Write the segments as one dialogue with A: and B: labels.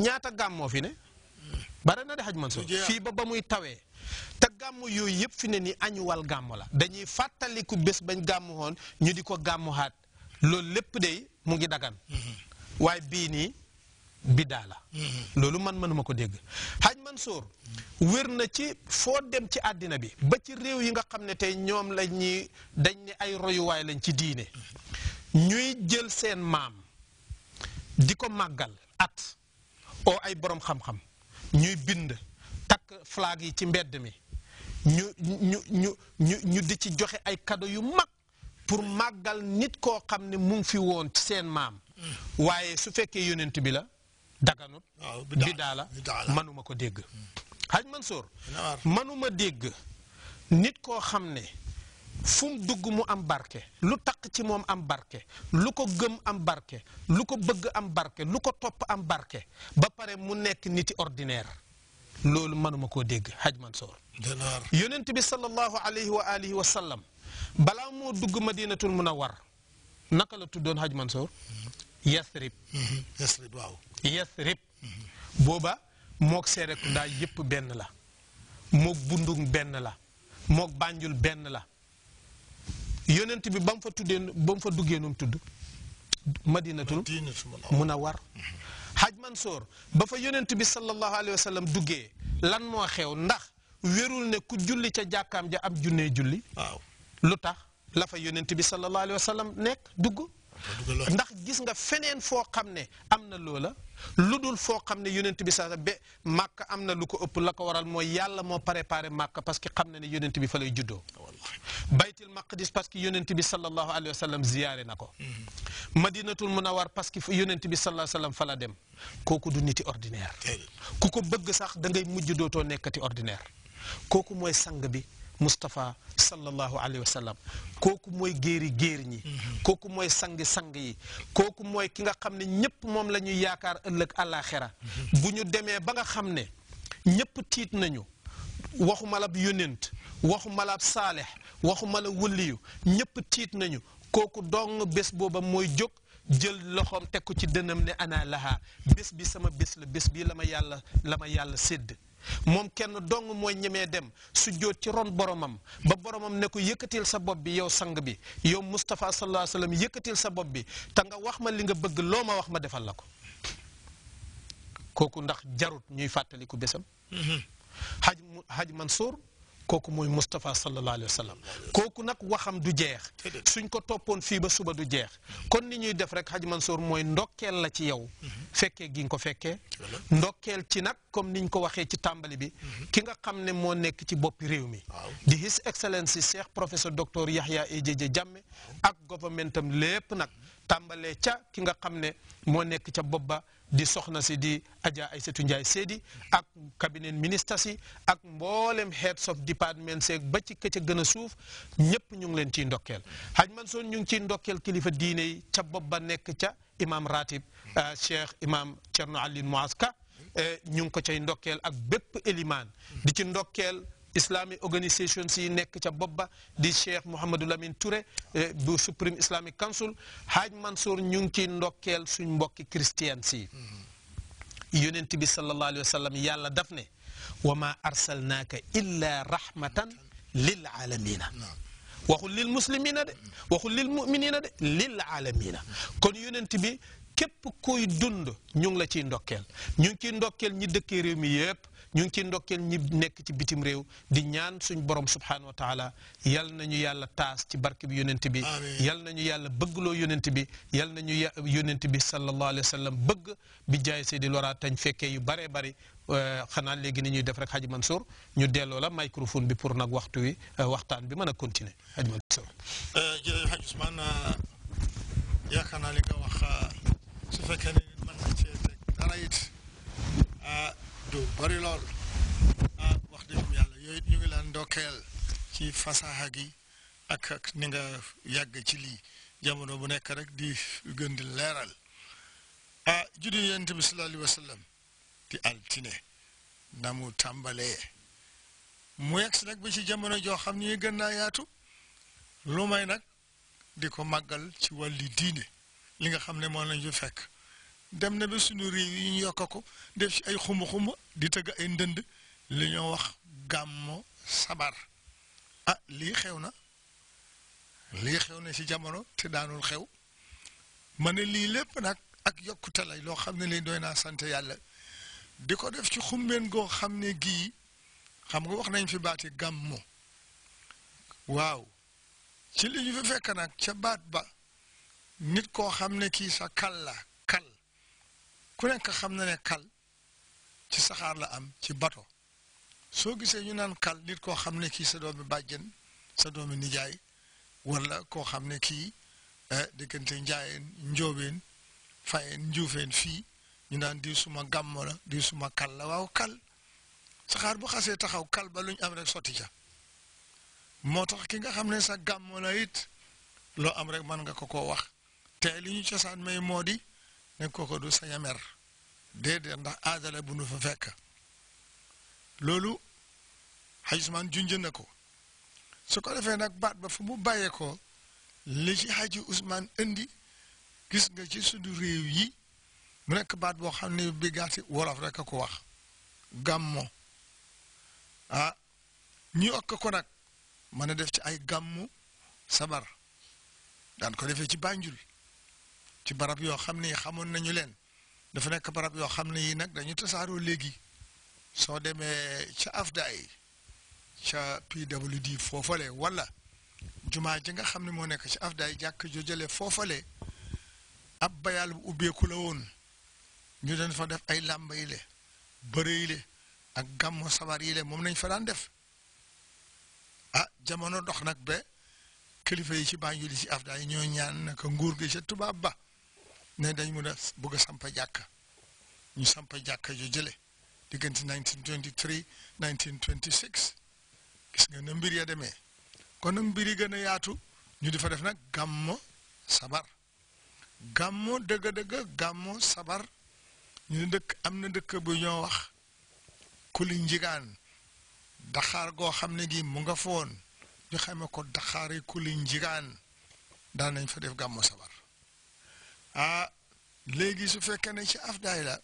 A: ñaata gàmm fi ne bare na de xaj man ba ba muy tawee te gàmm yooyu yëpp fi ne ni añuwal gàmm la dañuy fàttaliku bés bañ gàmm woon ñu di ko gàmmuwaat loolu lépp de mu ngi dagan mm-hmm. bii nii biddaa la mm-hmm. mënuma ko dégg xaj man sóor wér na ci foo dem ci àddina bi ba ci réew yi nga xam ne tey ñoom la ñuy dañ ne ay royuwaay lañ ci diine ñuy jël seen maam di ko màggal at oo ay borom xam-xam ñuy bind takk flag yi ci mbedd mi ñu ñu ñu di ci joxe ay cadeau yu mag pour màggal nit koo xam ne mu ngi fi woon seen maam mm. waaye su fekkee yonent bi la daganut bidaa la manuma ko dégg mm. Haj Mansour manuma dégg nit koo xam ne fu mu dugg mu am barke lu takk ci moom am barke lu ko gëm am barke lu ko bëgg am barke lu ko topp am barke ba pare mu nekk niti ordinaire loolu mënuma koo dégg Haj Mansour yonent bi sallallahu alayhi wa alihi wa sallam balaa moo dugg ma a war naka la tuddoon Haj Mansour mm-hmm. yasrib mm-hmm. yasrib waaw yasrib mm-hmm. booba mook Serekunda yëpp benn la mook bundung benn la mook bànjul benn la yonent bi ba mu fa tuddee ba mu fa duggee nu mu tudd madinatul munawwar haj Mansour ba fa yonent bi sallallahu alayhi wa sallam duggee lan moo xew ndax wérul ne ku julli ca jàkkaam ja am junnee julli lu tax la fa yonent bi sallallahu alayhi wa sallam nekk dugg ndax gis nga feneen foo xam ne am na loola lu dul foo xam ne yonent bi sax ba màkk am na lu ko ëpp la ko waral mooy yàlla moo préparé màkk parce que xam na ne yonent bi fa lay juddoo maqdis parce que yonent bi sallallahu alayhi wa sallam ziyaare na ko mhm. madinatul munawar parce que yonent bi sallallahu alayhi wa sallam fa la dem kooku du niti ordinaire ku ko bëgg sax da ngay mujj dootoo nekkati ordinaire kooku mooy sang bi Moustapha sallallahu alayhi wa sallam kooku mooy géeri géer ñi mhm. kooku mooy sangi sang yi kooku mooy ki nga xam ne ñëpp moom la ñuy yaakaar ëllëg àllaaxira mhm. bu ñu demee ba nga xam ne ñëpp tiit nañu waxuma la waxuma la ab saalex waxuma la wulliyu ñëpp tiit nañu kooku dong bés booba mooy jóg jël loxoom teg ko ci dënnam ne ana lahaa bés bi sama bés la bés bi la ma yàlla la yàlla sédd moom kenn dong mooy ñemee dem su jóot ci ron boromam ba boromam ne ko yëkkatil sa bopp bi yow sang bi yow mustafa sallallahu alayhi wa yëkkatil sa bopp bi te nga wax ma li nga bëgg loo ma wax ma defal la ko kooku ndax jarut ñuy fàttaliku bésam. Mm-hmm. Haj Haj kooku mooy Moustapha sallallahu alayhi wa kooku nag waxam du jeex suñ ko toppoon fii ba suba du jeex kon ni ñuy def rek Hadj Mansour mooy ndokkeel la ci yow fekkee gi nga ko fekkee ndokkeel ci nag comme niñ ko waxee ci tàmbali bi ki nga xam ne moo nekk ci boppi réew mi di His Excellency Cheikh professeur docteur Yahya Ejeje Jammeh ak gouvernement am lépp nag tàmbalee ca ki nga xam ne moo nekk ca bopp ba di soxna si di ay Aysatu Njaay Séedi ak cabinet ministre si ak mboolem heads of department seeg ba ci këcc gën a suuf ñëpp ñu ngi leen ciy ndokkeel Haj Mansour ñu ngi ciy ndokkeel kilifa diine ca bopp ba nekk ca imam ratib euh, cheikh imam Cerno Alin Moaska euh, ñu ngi ko cay ndokkeel ak bépp élimaan di ci ndokkeel islamic organisations yi nekk ca bopp ba di Cheikh Mouhamadou Lamine Touré eh, bu Supreme Islamic Council Haaj Mansour ñu ngi ciy suñ mbokki christians yi mm-hmm. yonent bi sallallahu alayhi wa yàlla daf ne wa ma arsalnaaka illa rahmatan lil alamina waxul lil muslimina de waxul lil muminina de lil alamina kon yonent bi képp kuy dund ñu ngi la ciy ndokkeel ñu ngi ciy ñi dëkkee réew mi ñu ngi ciy ndokkeel ñi nekk ci bitim réew di ñaan suñ borom subhaanahu wa taala yal nañu yàlla taas ci barke bi yonent bi yal nañu yàlla bëggloo yonent bi yal nañu yonent bi sallallahu alayhi wa sallam bëgg bi jaay seydi loraa tañ fekkee yu baree bari xanaa léegi ni ñuy def rek Haji Mansour ñu delloo la microphone bi pour nag waxtu wi waxtaan bi mën a continuer Haji Mansour
B: jërëjëf Haji Ousmane yaakaar naa li nga wax su fekkee ne mën na cee teg dara it du bari lool ah wax dëgg yàlla yooyu ñu ngi laan ci fasaxa gi ak ak ni nga yàgg ci lii jamono bu nekk rek di gën di leeral ah juddu yonent bi sallallahu alayhi wa sallam di altine na mu tàmbalee mu yegg nag ba ci jamono joo xam ni gën yaatu lu may nag di ko màggal ci wàlli diine li nga xam ne moo lañ ju fekk dem na ba suñu réew yi ñu yokk ko def ci ay xuma xuma di tëgg ay ndënd li ñoo wax gàmmo sabar ah lii xew na lii xew na ci jamono te daanul xew ma ne lii lépp nag ak yokkute lay loo xam ne lii doy naa sant yàlla di ko def ci xumbeen goo xam ne gii xam nga wax nañ fi baati gàmmo waaw ci li ñu fi fekk nag ca baat ba nit koo xam ne kii sa kàlla ku nekk xam na ne kal ci saxaar la am ci bato soo gisee ñu naan kal nit koo xam ne kii sa doom bi bàjjen sa doom doomi nijaay wala koo xam ne kii eh, diggante njaayeen njoobeen fayeen njuufeen fii ñu naan di suma gàmmo la di suma kal la waaw kal saxaar bu xasee taxaw kal ba lu ñu am rek sotti ca moo tax ki nga xam ne sa gàmmo la it loo am rek mën nga ko koo wax te li ñu cosaan may moo di ne koko du sañ a mer déedéet ndax aadala bu nu fa fekk loolu xaj Usmaan junj na ko su ko defee nag baat ba fu mu bàyyeekoo li ci xaji Usmaan indi gis nga ci suñu réew yi mu nekk baat boo xam ne bi gaati wolof rek a ko wax gàmmo ah ñu okk ko nag mën a def ci ay gàmmu sabar daan ko defee ci Banjul ci barab yoo xam ne xamoon nañu leen dafa nekk barab yoo xam ne yi nag dañu tasaaroo léegi soo demee ca afda yi ca PWD foofale walla jumaa ji nga xam ne moo nekk ci afdaay yi jàkk jojale foofale ab bayal bu ubbeeku la woon ñu doon fa def ay làmba yi le bëre le ak gàmmo sabar yi le moom nañ fa daan def ah jamono dox nag ba kilifa yi ci Banjul yi ci afda yi ñoo ñaan naka nguur gi ca tubaab ba ne dañ mun a bëgg a sampa jàkka ñu sampa jàkka ju jële diggante 1923 1926 gis nga na mbir ya demee kon nag mbir yi sabar gammo dëgg-dëgg gammo sabar ñu ne dëkk am na dëkk bu ñoo wax kuli njigaan daxaar goo xam ne gi mu nga foon ñu xamee ko kuli nañ fa def sabar ah léegi su fekkee ne ci afdaay la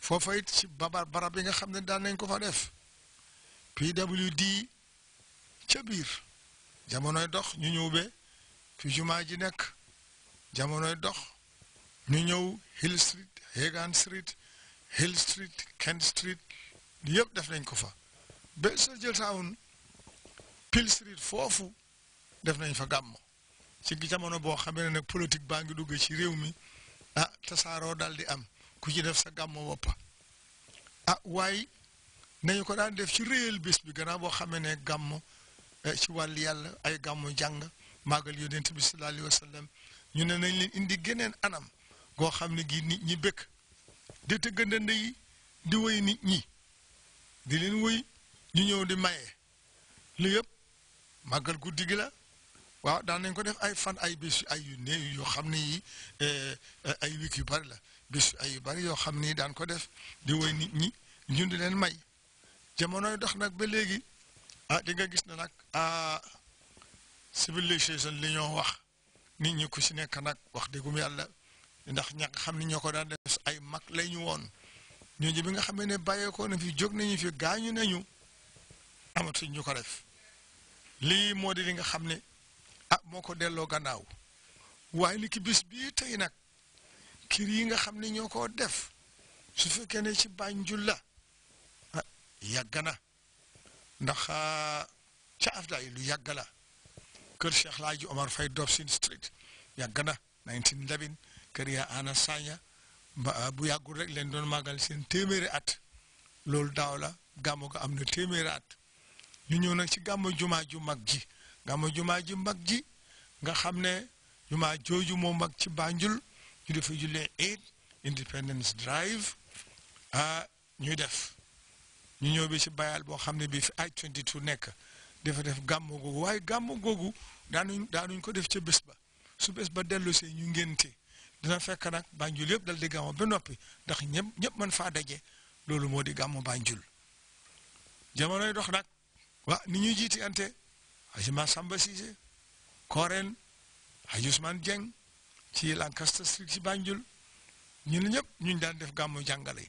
B: foofa it ci babar barab yi nga xam ne daal nañ ko fa def PWD ca biir jamonoy dox ñu ñëw be fi jumaa ji nekk jamonoy dox ñu ñëw Hill Street Hagan Street Hill Street Kent Street yëpp def nañ ko fa ba soo jël taawun Peel Street foofu def nañ fa gàmmu ci jamono boo xamee ne nag politique baa ngi dugg ci réew mi ah tasaaroo daal di am ku ci def sa gàmmu woppa a ah, waaye nañu ko daan def ci réel bés bi gannaaw boo xamee ne gàmm eh, ci wàll yàlla ay gàmmu jàng màggal yonent bi sallallahu alayhi wa sallam ñu ne nañ leen indi geneen anam goo xam ne gi nit ñi bëgg di tëggandande yi di woy nit ñi di leen woy ñu ñëw di maye lu yëpp màggal guddi gi la waaw daan nañ ko def ay fan ay bis ay yu néew yoo xam ne yi eh, ay wik yu bari la bis ay yu bari yoo xam ne daan ko def di woy nit ñi ñun di leen may jamonoy dox nag ba léegi a ah, di nga gis ne nag ah civilisation li ñoo wax nit ñi ku si nekk nag wax dëggum yàlla ndax ña xam ne ñoo ko daan def ay mag lay ñu woon ñooñu bi nga xam ne bàyyeekoo na fi jóg nañu fi gaañu nañu amatuñ ñu ko def lii moo di li nga xam ne. ah moo ko delloo gannaaw waaye li kibis bis bii tey nag kir yi nga xam ne ñoo ko def su fekkee ne ci Banjul la ah yàgg na ndax ah, ca afda lu yàgg la kër Cheikh Laaji Omar Faye Dobson Street yàgg na 1911 kër yaa Ana Sagna ba ah, bu yàggul rek leen doon màggal seen téeméeri at loolu daaw la gàmmu ga am na téeméeri at ñu ñëw nag ci gàmmu jumaa ju mag ji nga ma jumaa ji mag ji nga xam ne jumaa jooju moo mag ci Banjul ñu defa jullee Eid Independence Drive ah ñuy def ñu ñëw bi si bayal boo xam ne bii fi aj 22 nekk dafa def gàmmu googu waaye gàmmu googu daanuñ daanuñ ko def ca bés ba su bés ba dellu see ñu ngénte dina fekk nag Banjul yëpp dal di gàmmu ba noppi ndax ñëpp ñëpp mën faa daje loolu moo di gàmmu Banjul jamonoy dox nag waa ni ñuy jiiti ante Ajima Samba Cissé Koreen Haji Ousmane Dieng ci Lancaster Street ci Banjul ñun ñëpp ñu daan def gàmmu jàngale